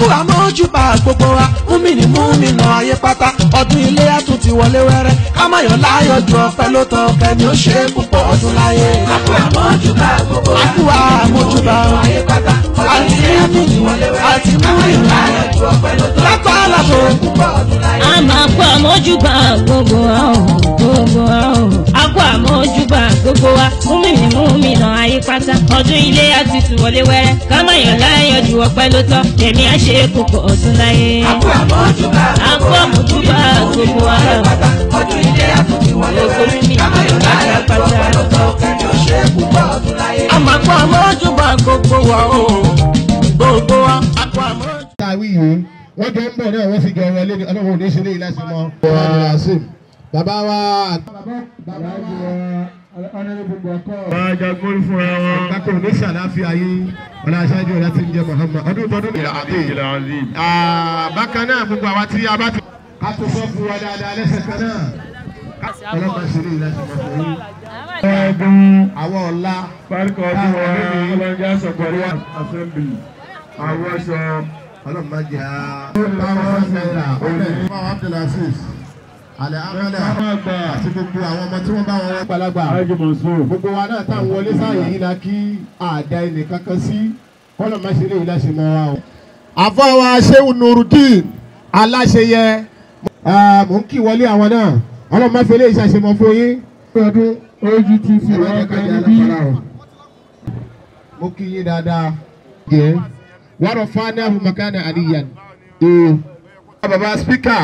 kú amójúbà gbogbo wa múmìnì múmìnà ayé pátá ọdún iléyá tún ti wọlé wẹ́rẹ́ kámáyọ̀ láyọ̀ ju ọpẹ́ ló tọ́ kẹ́mi ó ṣe púpọ̀ ọdún láyé. àkú amójúbà gbogbo wa àkú amójúbà ayé pátá ọdún iléyá tún ti wọlé wẹ́rẹ́ àti múmìnà láyọ̀ ju ọpẹ́ ló tọ́ látọ̀ àlàbò púpọ̀ ọdún láyé. a máa kú amójúbà gbogbo wa gbogbo wa kú àmójúbà gbogbo wa mi múmìnì múmìnà àyípátá ọdún ilé àti tùwọlé wẹrẹ kámọyàn láyọjú ọpẹ́ ló tọ́ èmi á ṣe kókó ọdún láyé. àkú àmójúbà gbogbo wa ọdún ilé àti tùwọlé wẹrẹ kámọyàn láyọjú ọpẹ́ ló tọ́ èmi á ṣe kókó ọdún láyé. àmàkú àmójúbà gbogbo wa o gbogbo wa àkú àmójúbà. wa yìí wọ́n jọ ń bọ̀ náà wọ́n sì jọ wọlé ọlọ́run ò ní ṣe léyìí láti mọ. wàá sí bàbá wa. bàbá wa ọ̀nàdébùgbò ọkọ. wọ́n á jagun fúnra wọn. kákò ní sàláfíà yín wọn aṣáájú rẹ ti ń jẹ Muhammad ọdún tọdún. ìlà àti bákan náà gbogbo àwa tí a bá ti. a tó fọ́ fún wa dáadáa lẹ́sẹ̀ kan náà. ọlọ́pàá ṣe lè láti mọ̀ fún yín. ọdún àwọn ọ̀la. párikọ̀ ọdún wa ọlọ́jà sọ̀kọ̀rọ̀ wa. assembly àwọn abdulaziz alẹ́ amẹ́lẹ́ àti gbogbo àwọn ọmọ tí wọ́n bá wọn gbalagbà gbogbo wa náà tá wọlé sáàyè yìí la kí àdá ilẹ̀ kankan sí kọ́lọ̀ má ṣe léyìí láṣẹ mọ́ wa o. àfọwọ́ aṣẹ́wó nurudeen aláṣeyẹ mò ń kí wọlé àwọn náà ọlọ́run má fi eléyìí ṣàṣemọ́ fún yín. mo kí yín dáadáa. wàrọ̀ fáná mọ̀kánà àníyàn. bàbá spíkà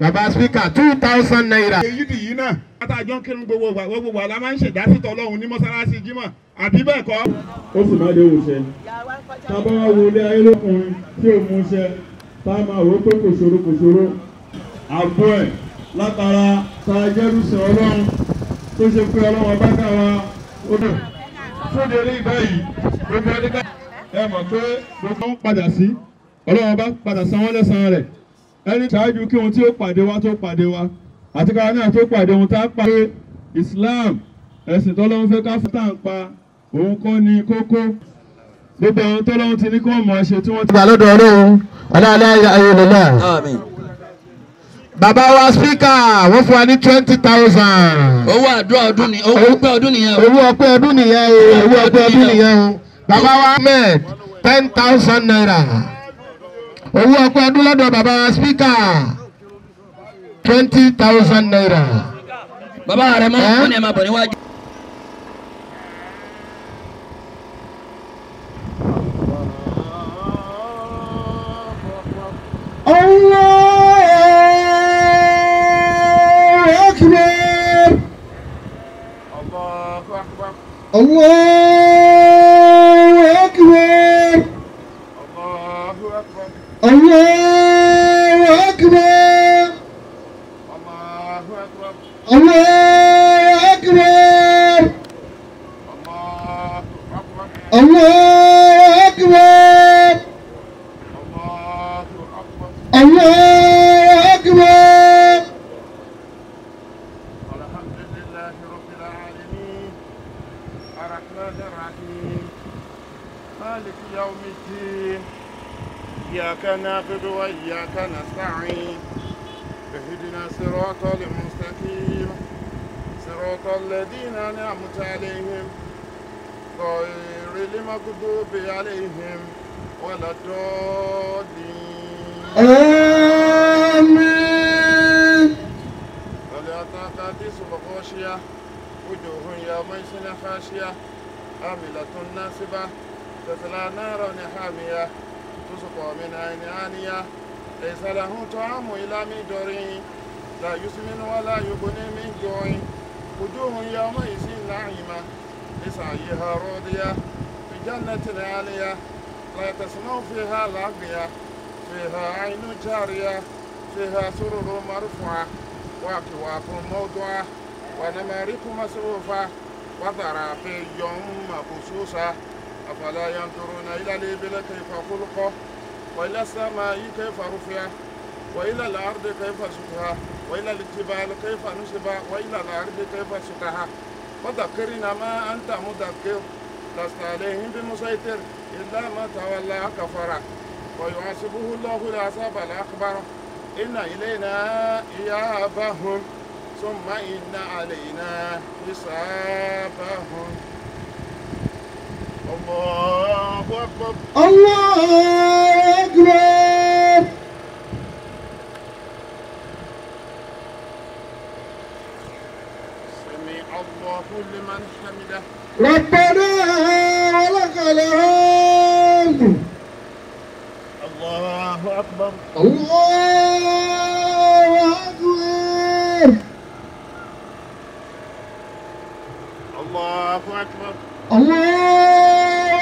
bàbá spika two thousand naira. èyí nìyí náà látàjọ kírun gbogbo wa gbogbo wa la ń ṣèdásí tọlọ́hún ní mọ́sálásí Jímọ̀ àbí bẹ́ẹ̀ kọ́. ó sì máa léwu iṣẹ́ tábà wá wo ilé ayé lókùnrin tí ò mú iṣẹ́ tá a máa wò pé kò ṣòro kò ṣòro. àbọ̀ ẹ̀ látara ta jẹ́rùsẹ̀ ọlọ́run tó ṣe pé ọlọ́run bá ká wa ó fúnni eré ìgbà gbogbo ẹni ká ẹ mọ̀ pé gbogbo ń ẹni ṣáájú kí ohun tí ó pàdé wa tó pàdé wa àti káwa náà tó pàdé ohun tá a pàdé Islam ẹ̀sìn tọ́lọ́run fẹ́ ká fún tàǹpa òun kọ́ ni kókó gbogbo àwọn tọ́lọ́run ti ní kí mọ̀ ṣe tí wọ́n ti gbà lọ́dọ̀ ọlọ́run aláàlá ayé Bàbá wa spíkà wọ́n fún wa ní twenty thousand. Owó àdúrà ọdún ni owó ọpẹ́ ọdún nìyẹn o. Owó ọpẹ́ ọdún nìyẹn o. Owó ọpẹ́ ọdún nìyẹn o. Bàbá wa Ahmed ten thousand naira owó ọpẹ́ ọdún bàbá spíkà twenty thousand naira. bàbá rẹ mọ ọ ní ẹ máa bọ̀ níwájú. الله أكبر الله Allah! صراط المستقيم صراط الذين نعمت عليهم غير المغضوب عليهم ولا الضالين آمين هل أتاك وجوه يومئذ خاشية عاملة ناصبة تتلى نارا حامية تسقى من عين آنية ليس له طعام إلا من ضرين لا يسمن ولا يغني من جوع وجوه يومئذ ناعمة لسعيها راضية في جنة عالية لا تسمع فيها لاغية فيها عين جارية فيها سرر مرفوعة وأكواب موضوعة ونمارق مصروفة وزرابي مبثوثة أفلا ينظرون إلى الإبل كيف خلقه وإلى السماء كيف رفعه وإلى الأرض كيف سقها وإلى الجبال كيف نصبا وإلى الأرض كيف سقها فذكرنا ما أنت مذكر لست عليهم بمسيطر إلا ما تولى كفر ويعصبه الله العذاب الأكبر إن إلينا إيابهم ثم إن علينا حسابهم الله أكبر الله أكبر وقل لمن حمده ربنا ولك الحمد الله أكبر الله أكبر الله أكبر الله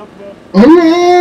أكبر الله أكبر الله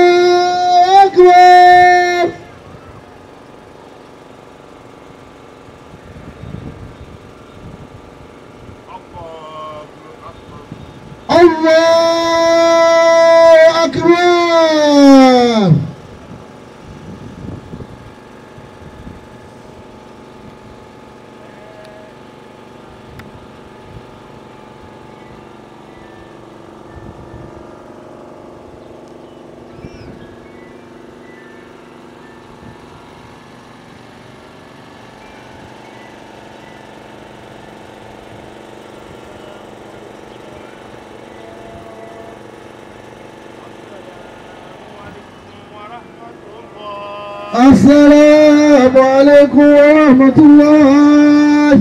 السلام عليكم ورحمة الله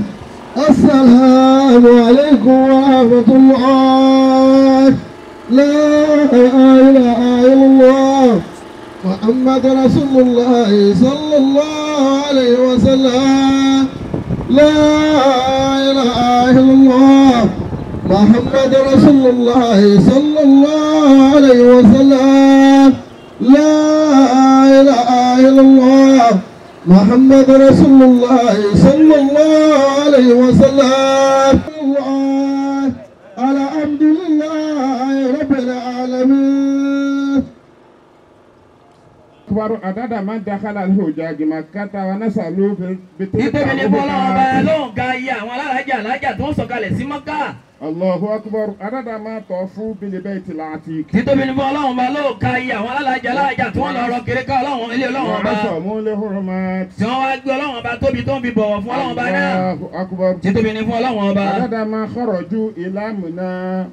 السلام عليكم ورحمة الله لا إله إلا الله محمد رسول الله صلى الله عليه وسلم لا إله إلا الله محمد رسول الله صلى الله عليه وسلم لا محمد رسول الله صلى الله عليه وسلم على عبد الله رب العالمين كبار عدد من دخل الحجاج مكة ونسألوا بتلك الأمة Allahu akbar adáda máa tọ́ fún bilibẹ́ ìtìlá àti ike. títóbi ni fún ọlọ́run bá lóò ka iye àwọn alájà alájà tí wọ́n lọ rọ kiri ká ọlọ́run ilé ọlọ́run bá. wọ́n sọ mú lé hurú máa. tí wọ́n wá gbé ọlọ́run bá tóbi tó ń fi bọ̀wọ̀ fún ọlọ́run bá náà. Allahu akbar títóbi ni fún ọlọ́run bá. adáda máa kọ̀rọ̀ ju ìlàmù náà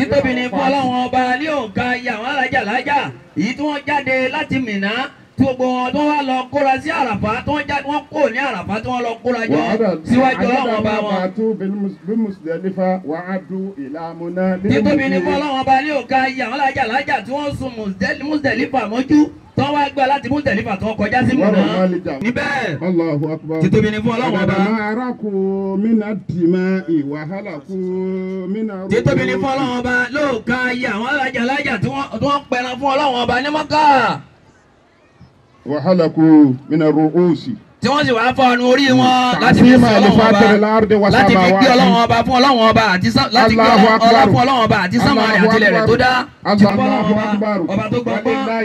títóbi ni fún ọlọ́run ọba ní òǹkà iye àwọn alájà alájà èyí tí wọ́n jáde láti Mínà gbogbo wọn tó wá lọ kóra sí àràfà tó ń jáde wọn kò ní àràfà tó wọn lọ kóra jọ síwájú ọlọ́wọ́n bá wọn. títóbi ní kọ́ ọlọ́wọ́n bá ní òkà ayé àwọn alájà alájà tí wọ́n sun Muzdalifa mọ́jú tọ́ wá gbé láti Muzdalifa tó kọjá sí mọ̀nà níbẹ̀ títóbi ní fún ọlọ́wọ́n bá. títóbi ní fún ọlọ́wọ́n bá lóòkà ayé àwọn alájà alájà tí wọ́n pẹran fún ọlọ́wọ́n bá ní Mọ́kà. وحلقوا من الرؤوس tí wọ́n sì wá fọ́ọ̀nù orí wọn láti fi sí ọlọ́wọ́n ọba láti fi gbé ọlọ́wọ́n ọba fún ọlọ́wọ́n ọba àti láti gbé ọlá fún ọlọ́wọ́n ọba àti sámárì àtìlẹ̀ rẹ̀ tó dá ti fún ọlọ́wọ́n ọba ọba tó gbọ́ pé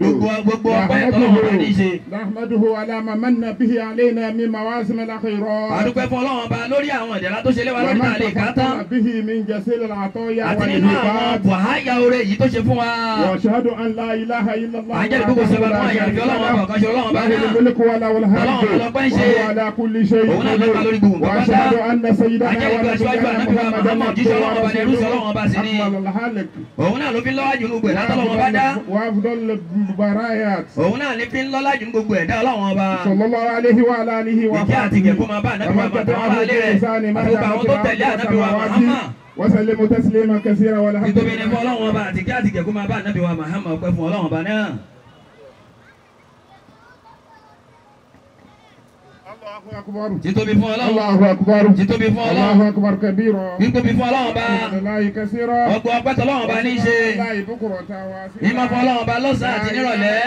gbogbo ọpẹ́ tọ́lọ́wọ́n ọba ní í ṣe. àdúpẹ́ fún ọlọ́wọ́n ọba lórí àwọn ìdẹ̀lá tó ṣe léwa lórí àlè kàtà àti nínú àwọn òun náà ló fi lọ́wọ́ jù gbogbo ẹ̀dá tọ́lọ́wọ́n bá dá. òun náà ló fi lọ́lá jù gbogbo ẹ̀dá ọlọ́wọ́n bá. ìkí àti ìkẹ́kọ̀ọ́ máa bá ànábì wa máa bá alẹ́ rẹ̀ àti gbogbo àwọn tó tẹ̀lé ànábì wa máa hàn máa wasalimu tasilima kasira walhamdulilayi. ìtòmínú fún ọlọ́run ọba àtìkí àtìkẹ́kọ̀ọ́ máa bá ànábì wa máa hàn máa pẹ́ fún ọlọ́run ọba náà. títóbi fún ọlọ́run Allahu Akbar títóbi fún ọlọ́run Allahu Akbar kabira títóbi fún ọlọ́run bá ọgbọ́n ọgbẹ́tọ̀ ọlọ́run bá ní í ṣe mímọ́ fún ọlọ́run bá lọ́sàn-án àti nírọ̀lẹ́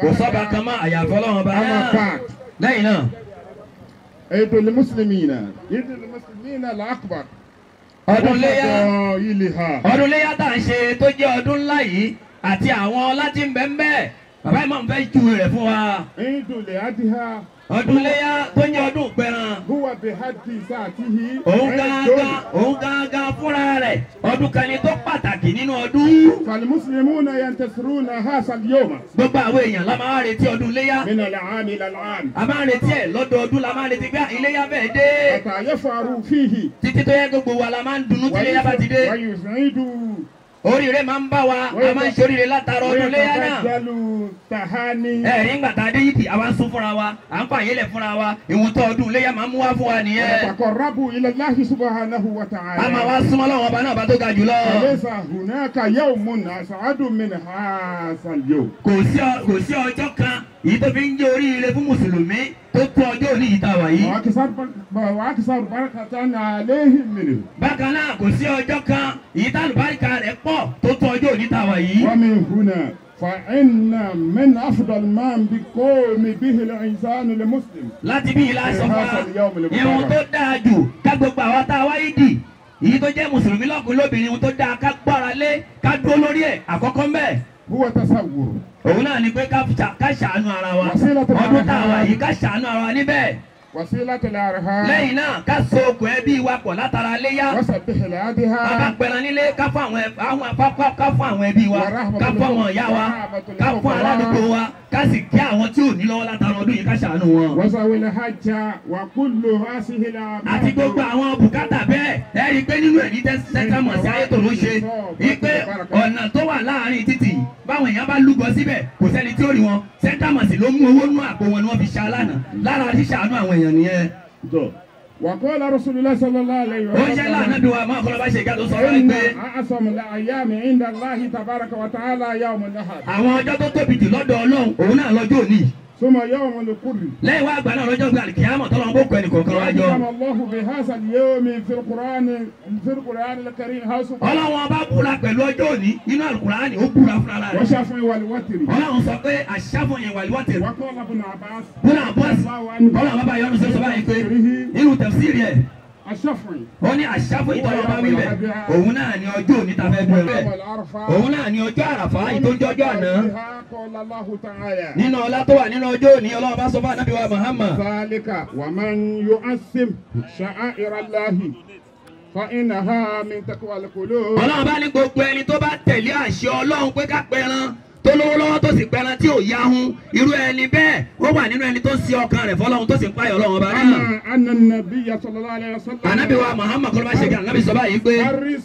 kò sọ́ba kan mọ́ àyàfọ́ ọlọ́run bá lẹ́yìn náà. ètò ilé mùsùlùmí náà ètò ilé mùsùlùmí náà làákùbà ọdún léyà ọdún léyà tá à ń ṣe tó jẹ́ ọdún ńlá yìí àti àwọn ọlá tí ń bẹ ń bẹ́ẹ̀ bàbá yìí máa ń fẹ́ ju rẹ̀ fún wa. ìdùnlé adìhà. ọdún léyà tó ní ọdún pẹran. búwa bẹ hadi sàkíhi. òun gángan òun gángan fúnra rẹ̀ ọdún kan ni tó pàtàkì nínú ọdún. fàlì mùsùlùmí náà yẹn tẹsirú náà ha sàlíyọ́mà. gbogbo àwọn èèyàn la máa retí ọdún léyà. mina la ami la la ami. a máa retí ẹ lọ́dọọdún la máa retí pé ah, iléyà bẹ́ẹ̀ dé. àtàyè faru fíhì. títí tó yẹ gbogbo wa la máa ń dùnnú tí iléyà bá ti dé. wàyí oríire máa ń bá wa a máa ń ṣe oríire látara ọdún léyà náà. ẹ̀rí ń gbàtà dé yìí àwa ń sún fúnra wa à ń pààyẹ́lẹ̀ fúnra wa ìwòntọ́ ọdún léyà máa ń mú wá fún wa nìyẹn. àpapọ̀ rabu ilẹ̀ láhi subhanahu wa ta'ala. a máa wá súnmọ́ lọ́wọ́ ọba náà bá tó ga jù lọ. àlẹ́sà hunaka yawmun as'adu min haasal yawm. kò sí ọjọ́ kan yìí tó fi ń jẹ́ oríire fún mùsùlùmí tó tó ọjọ́ òní yìí tá a wà yìí. wàá kì sáà rùbáríkà tá a nà léyìn mi ni. bákan náà kò sí ọjọ́ kan yìí tá rùbáríkà rẹ̀ pọ̀ tó tó ọjọ́ òní tá a wà yìí. wọ́n mi hu náà فإن من أفضل ما بقوم به الإنسان المسلم láti bí ilá sọ fún wa ìhun tó dáa jù ká gbogbo àwa tá a wáyé dì èyí tó jẹ́ mùsùlùmí lọ́kùnrin lóbìnrin òun náà ni pé ká ṣàánú ara wa ọdún tá a wà yìí ká ṣàánú ara wa níbẹ̀. wasilatul arham. lẹ́yìn náà ká so okùn ẹbí wa pọ̀ látara léyà. adiha. bàbá pẹ̀rẹ̀ nílé ká fún àwọn ká fún àwọn ẹbí wa ká fún àwọn ìyá wa ká fún aládùúgbò wa ká sì kí àwọn tí ò ní lọ́wọ́ látara ọdún yìí ká ṣàánú wọn. wasawil hajja wa kullu hasihil amali. àti gbogbo àwọn bùkátà bẹ́ẹ̀ ẹ pé nínú ẹ̀ ní mọ̀ sí ayé tó ló ṣe yìí báwọn èèyàn bá lúgọ síbẹ̀ kò sẹ́ni tí ó rí wọn sẹ́ńtàmọ̀sì ló mú owó nú àpò wọn ni wọ́n fi ṣàlànà lára ṣíṣàánú àwọn èèyàn nìyẹn. وقال رسول الله صلى الله عليه وسلم إن أعظم الأيام عند الله تبارك وتعالى يوم الأحد Suma yóò wọn lè kúrì. Lẹ́yìn wá àgbà náà lọ́jọ́ gbà kí á mọ̀ tọ́lọ́ bó kọ́ ẹnì kọ̀ọ̀kan wájọ́. Ọlọ́run ọba búra pẹ̀lú ọjọ́ òní nínú àlùkùránì ó búra fúnra rẹ̀. Wọ́n ṣàfihàn ìwàlú wọ́tìrì. Ọlọ́run sọ pé àṣàfihàn ìwàlú wọ́tìrì. Wọ́n kọ́ ọ̀la bùnà àbáṣ. Bùnà àbáṣ. Ọlọ́run bàbá yọ̀ọ́nù sọ́sọ́ báyìí pé irú tẹ̀síìrì ẹ̀ ó ní aṣáfù ìtọ́lọ́ bá wí bẹ̀ òun náà ni ọjọ́ òní ta fẹ́ bẹ̀rẹ̀ òun náà ni ọjọ́ àràfà ìtọ́jọ́jọ́ àná nínú ọlá tó wà nínú ọjọ́ òní ọlọ́run bá sọ fún anábìwá Muhammad. sálíkà wà máa ń yọ asim ṣáá ìrànláhì fa'inaha min taqwa al-qulub. ọlọ́run bá ní gbogbo ẹni tó bá tẹ̀lé àṣẹ ọlọ́run pé ká pẹran tó lówó lọ́wọ́ tó sì gbẹran tí ò yahun irú ẹni bẹ́ẹ̀ ó wà nínú ẹni tó ń ṣe ọkàn rẹ̀ fọlọ́hun tó sì ń payọ̀ lọ́wọ́ ọba náà. ananabiya sallallahu alaihi wasallam. anabiwa muhammadu kọlọmọ ṣe kí anabi sọ báyìí pé. aris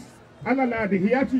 alaladihi yati.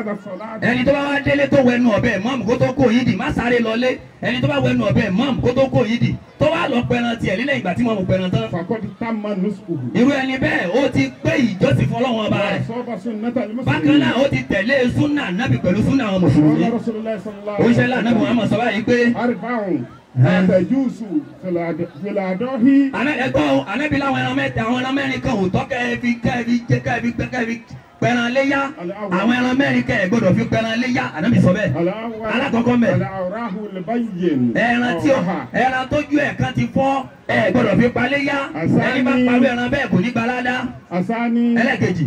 ẹni tó bá wá délé tó wẹnu ọ̀bẹ mọ́mù kó tó kó yìí dì má sáré lọlé ẹni tó bá wẹnu ọ̀bẹ mọ́mù kó tó kó yìí dì tó wá lọ pẹran tiẹ̀ nílẹ̀ ìgbà tí mọ́mù pẹran tán. irú ẹni bẹ́ẹ̀ ó ti pé ìjọsìn fún ọba rẹ̀ bákan náà ó ti tẹ̀lé súnà nábì pẹ̀lú súnà àwọn mùsùlùmí oṣù lànà Muhammad sọ báyìí pé àtẹ̀júùsù ẹran mẹ́ta àwọn ẹran mẹ́rin kan ò tọ́ kẹ́ẹ̀fi kẹ́ẹ̀fi kẹ́ẹ̀fi kẹ́ẹ̀fi pẹran léyà àwọn ẹran mẹ́rin kẹ́ ẹ̀ fi pẹran léyà ànábì sọ bẹ́ẹ̀ alákọ̀ọ́kọ́ mẹ́ ẹran tí ẹran tójú ẹ̀ kan ti fọ́ ẹ̀ gbọ́dọ̀ fi palẹ̀ yá ẹni bá parí ẹran bẹ́ẹ̀ kò ní gbalada ẹlẹ́kejì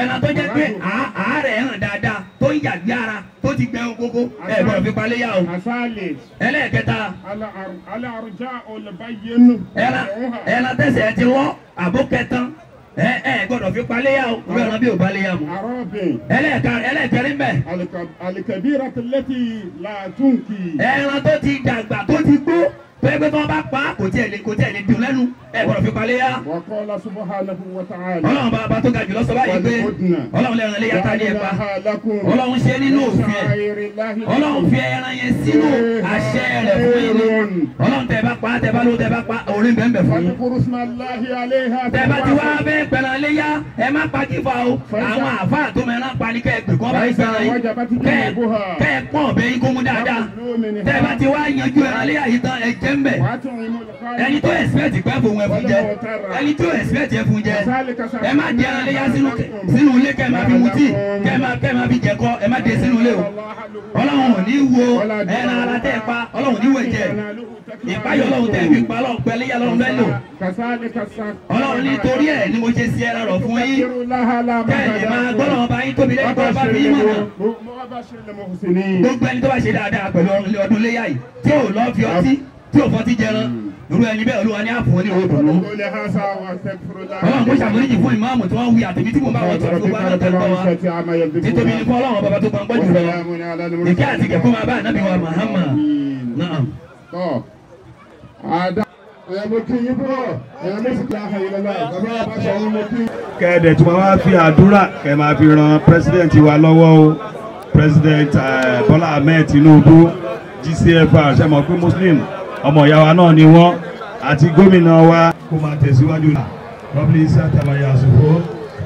ẹran tó jẹ́ pé àárẹ̀ ẹran dáadáa tó ń yàgbé ara tó ti gbẹ okoko ẹ̀ gbọ́dọ̀ fi palẹ̀ yá o ẹlẹ́kẹta ẹran tẹ̀sẹ̀ ti wọ́ àbókẹ́tán ẹ ẹ gbọ́dọ̀ fi paléyà o ìwé ọ̀nà bí o paléyà mu. ẹlẹ́ẹ̀kẹrin bẹ̀. alikabira tilẹ̀tì làtúnkì. ẹran tó ti dàgbà tó ti gbó bẹ́ẹ̀ pé tí wọ́n bá pa kò tiẹ̀ lè kò tiẹ̀ lè dùn lẹ́nu ẹ gbọ́dọ̀ fi palẹ́ yá. ọlọ́run bá bá tó ga jùlọ sọ báyìí pé ọlọ́run lè ràn lè yàtá ní ẹ̀pá ọlọ́run ṣe nínú òfin ẹ̀ ọlọ́run fi ẹran yẹn sínú eh, àṣẹ rẹ̀ fún yín ni eh, ọlọ́run tẹ̀ bá pa tẹ̀ bá ló tẹ̀ bá pa orin bẹ́ẹ̀ bẹ̀ fún yín. tẹ̀ bá ti wá bẹ́ẹ̀ pẹ̀lú alẹ́ yá ẹ má pa kí fa o àwọn àfa tó mẹ́ràn pa ni kẹ́ẹ̀ jẹ́ ń ẹni tó expect pé fún ẹfun jẹ ẹni tó expect ẹfun jẹ ẹ má di ẹran léyà sínú ilé kẹ́ má fi mutí kẹ́ má kẹ́ má fi jẹ̀kọ ẹ má di sínú ilé o ọlọ́run ní wo ẹran ara tẹ́ ẹ pa ọlọ́run ní wo ẹ̀jẹ̀ ìpáyọ̀ ọlọ́run tẹ́ fi pa ọlọ́run pẹ́ léyà ọlọ́run bẹ́ẹ̀ lò ọlọ́run nítorí ẹ̀ ni mo ṣe sí ẹran rọ̀ fún yín kẹ́ ẹ lè máa gbọ́dọ̀ ọba yín tóbi lẹ́yìn tó fi yín mọ̀nà gbogbo ẹni tó bá ṣe dáadáa pẹ̀lú ọdún léyà yìí tí ò lọ́ fi ọtí tí òfò ti jẹran hmm. irú ẹni bẹ́ẹ̀ olúwa ní àfọ̀ ní odò ló. ọlọ́run kò ṣàforíjì fún ìmáàmù tí wọ́n wí àtẹ̀mí tí mo bá wọn tó tó bá tẹ̀ tọ́ wa títóbi ní fún ọlọ́run bàbá tó gbọ́ngbọ́n jù lọ ìkẹ́ àti kẹ̀kọ́ máa bá ànábì wa mahama náà. kẹ́ẹ̀dẹ̀ tí wọ́n wá fi àdúrà kẹ́ẹ̀ máa fi ran president wa lọ́wọ́ o president eh, Bọ́lá Ahmed Tinubu GCFR ṣe mọ̀ pé muslim ọmọ ìyá wa náà ni wọ́n àti gómìnà wa kó máa tẹ̀síwájú náà rọ́bìlì isa tamaya àsùkò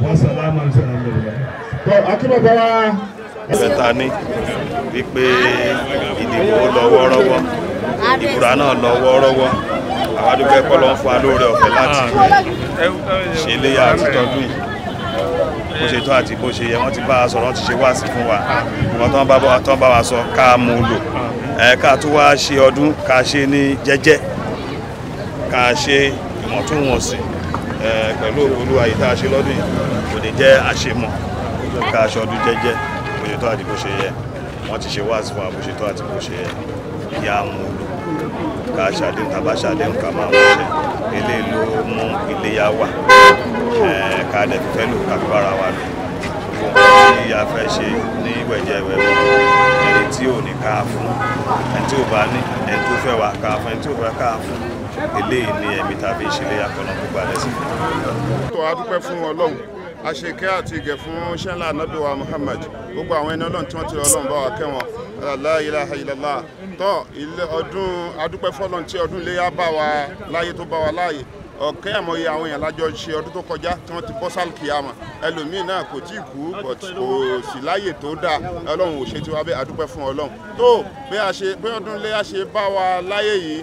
wọ́n sàlámà sàlámà. tó akínbọ̀bá wa. ẹ̀fẹ̀ ni wípé ìdìbò lọ wọ́ọ́rọ́wọ́ ìbúra náà lọ wọ́ọ́rọ́wọ́ àwọn adúgbò ẹ̀kọ́ ló ń fún wa lóore ọ̀fẹ́ láti ṣe iléyà àti tọdún yìí bó ṣe tọ́ àti bó ṣe yẹ wọ́n ti bá a sọ̀rọ̀ wọ́n ti ṣe wáàsí fún wa wọ́n tán bá wa sọ ká mú lò ká tó wá ṣe ọdún ká ṣe ní jẹ́jẹ́ ká ṣe ìwọ̀ntúnwọ̀nsì pẹ̀lú òkúlù àyè tá a ṣe lọ́dún yìí kò ní jẹ́ àṣemọ̀ ká ṣe ọdún jẹ́jẹ́ bó ṣe tó àti bó ṣe yẹ wọ́n ti ṣe wáàsí fún wa bó ṣe tó àti bó ṣe yẹ ìyá àwọn olùkọ́ ká ṣàdéhùn tàbá ṣàdéhùn ká máa wọ́n ṣe ilé ló mú iléyà wà ká dẹ̀ fífẹ́ lò ká fi bára wa lò gbogbo nǹkan a fẹ́ ṣe ní wẹ̀jẹ̀wẹ̀ mọ́ ẹni tí ò ní ká fún ẹni tí ò bá ní ẹni tó fẹ́ wà ká fún ẹni tí ò fẹ́ ká fún eléyìí ni ẹ̀mí tàbí ìṣẹ̀lẹ̀ akọ̀nà gbogbo alẹ́ sí. tó a dúpẹ́ fún ọlọ́run a ṣe kẹ́ àti ìgẹ̀ fún ṣẹ́ńlá anábì wa Muhammad gbogbo àwọn ẹni ọlọ́run tí wọ́n ti rọ ọlọ́run bá wa kẹ́ wọn la ilaha illallah tó ọdún a dúpẹ́ ọdún iléyà bá wa láyé tó bá wa láàyè ọ̀kẹ́ àmọye àwọn èèyàn lájọ ṣe ọdún tó kọjá tí wọ́n ti bọ́ sálùkìyàmọ̀ ẹlòmíín náà kò tí ì kú kò sí láyè tó dáa ọlọ́run ò ṣe tiwa bẹ́ẹ̀ adúpẹ́ fún ọlọ́run tó bí a ṣe bí ọdún léyà ṣe bá wa láyè yìí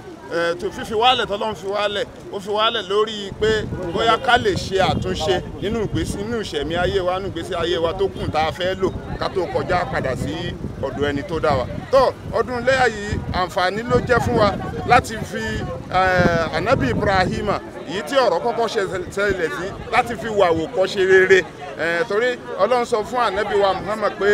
tó fífi wálẹ̀ tọ́lọ́run fi wálẹ̀ ó fi wálẹ̀ lórí pé bóyá ká lè ṣe àtúnṣe nínú ìgbésí nínú ìṣẹ̀mí ayé wa nínú ìgbésí ayé wa tó kù tá a fẹ́ lò ká tó kọjá padà sí ọ̀dọ̀ ẹni tó dá wa tó ọdún léyà yìí àǹfààní ló jẹ́ fún wa láti fi anabi eh, Ibrahima èyí tí ọ̀rọ̀ kọ́kọ́ ṣẹlẹ̀ sí láti fi wàwò kọ́ṣe rere torí ọlọ́run sọ fún ànábì wa muhammad pé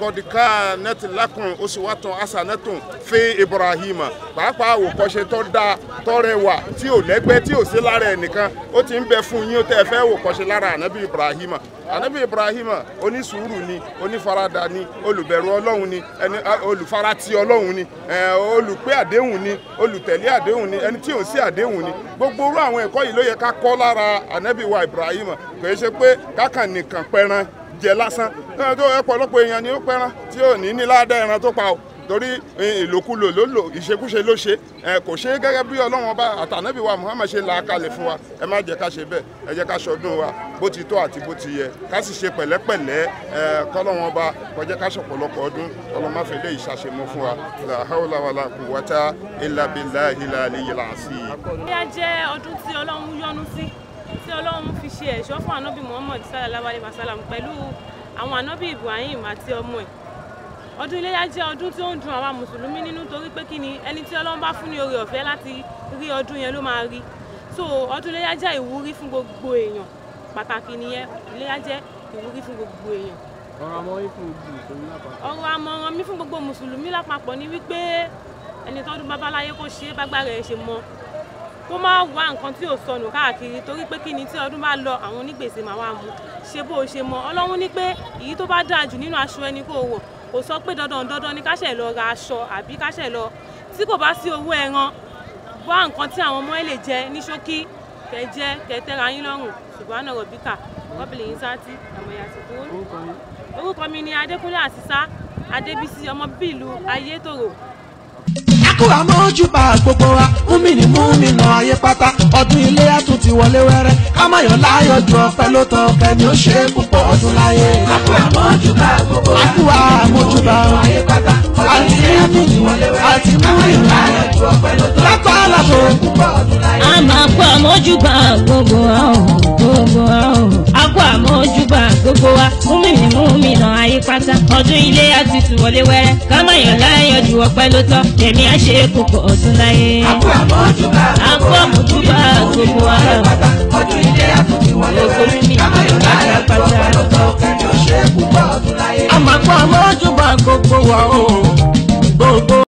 kọ́díkà nẹ́tì lákùn oṣùwàtàn asanẹ́tùn fi ibrahim pàápàá àwòkọ́ṣe tó dáa tó rẹwà tí ò lẹ́gbẹ́ tí ò sí lára ẹnìkan ó ti ń bẹ fún yín ó tẹ́ ẹ fẹ́ àwòkọ́ṣe lára ànábì ibrahim ànábì ibrahim onísùúrù ni onífaradà ni olùbẹ̀rù ọlọ́run ni ẹni olùfaratì ọlọ́run ni olùpé àdéhùn ni olùtẹ̀lé àdéhùn ni ẹni tí ò sí àdéhùn ni gbogbo orú àwọn ẹ̀kọ́ yìí ló yẹ ká kọ́ lára ànábì wa ibrahim kò ṣe pé ká kàn nìkan pẹran jẹ lásán tó ọ̀pọ̀lọpọ̀ èèyàn ni ó pẹran tí ò ní ní ládàá ẹran tó pa o torí ìlòkulò ló lò ìṣekúṣe ló ṣe ẹ kò ṣe gẹ́gẹ́ bí ọlọ́run ọba àtànábì wa Muhammad ṣe là kalẹ̀ fún wa ẹ má jẹ́ ká ṣe bẹ́ẹ̀ ẹ jẹ́ ká ṣọdún wa bó ti tọ́ àti bó ti yẹ ká sì ṣe pẹ̀lẹ́pẹ̀lẹ́ ẹ kọ́lọ́run ọba kó jẹ́ ká ṣọ̀pọ̀lọpọ̀ ọdún ọlọ́mọ afẹ́lẹ́ yìí ṣàṣemọ́ fún wa la hawla wala quwwata illa billahi al-aliyyil azim. ó yá jẹ́ ọdún tí ọlọ́run yọ́nú sí tí ọlọ́run fi ṣe ẹ̀ṣọ́ fún ànábì muhammad sallallahu alayhi wa sallam pẹ̀lú àwọn ànábì ibrahim àti ọmọ ẹ̀ ọdún iléyá jẹ́ ọdún tí ó ń dùn àwa mùsùlùmí nínú torí pé kí ni ẹni tí ọlọ́run bá fún ní oore ọ̀fẹ́ láti rí ọdún yẹn ló máa rí so ọdún iléyá jẹ́ ìwúrí fún gbogbo èèyàn pàtàkì nìyẹn iléyá jẹ́ ìwúrí fún gbogbo èèyàn. ọ̀rọ̀ àmọ̀ràn fún gbogbo mùsùlùmí lápapọ̀. ọ̀rọ̀ àmọ̀ràn mi fún gbogbo mùsùlùmí lápapọ̀ ni wípé ẹni tọ́dún babaláyé kò ṣe é bágbára ẹ̀ ṣe mọ́ kó má wá nǹkan tí ò sọnù káàkiri torí pé kí ni tí ọdún bá lọ àwọn onígbèsè máa wá mú ṣe bó o ṣe mọ ọlọ́run ní pé èyí tó bá dáa jù nínú aṣọ ẹni kó o wọ̀ kò sọ pé dandan dandan ni káṣẹ̀ lọ ra aṣọ àbí káṣẹ̀ lọ tí kò bá sí owó ẹran wá nǹkan tí àwọn ọmọ ẹ lè jẹ ní ṣókí kẹ jẹ kẹ tẹ́ra yín lọ́rùn ṣùgbọ́n ọ̀rọ̀ bíkà kọ́bìlì yín sátí àmọ̀ yàtọ̀ kúrò orúkọ mi ni Adékúnlé Àsísá Adébísí ọmọ bíbí Ayétòrò kú àmójúbà gbogbo wa múmi ní múmi nà ayé pátá ọdún ilé àtún ti wọlé wẹ́rẹ́ kámáyọ̀ láyọ̀ ju ọpẹ́ ló tọ́ kẹ́mi ó ṣe é púpọ̀ ọdún láyé. a kú àmójúbà gbogbo wa kú àmójúbà o àti múmi àti múmi nà látọ̀ àlàfo. a máa kú àmójúbà gbogbo wa o gbogbo wa o àmójúbà gbogbo wa múmìnì múmìnà àyípátá ọdún ilé àti tùwọlé wẹrẹ kámáyàn láyọ̀ jù ọpẹ́ ló tọ́ èmi á ṣe kókó ọdún láyé. àpò àmójúbà àpò àmójúbà gbogbo wa ọdún ilé àti tùwọlé wẹrẹ kámáyàn láyọ̀ jù ọpẹ́ ló tọ́ èmi á ṣe kókó ọdún láyé. àmàpọ̀ àmójúbà gbogbo wa o gbogbo.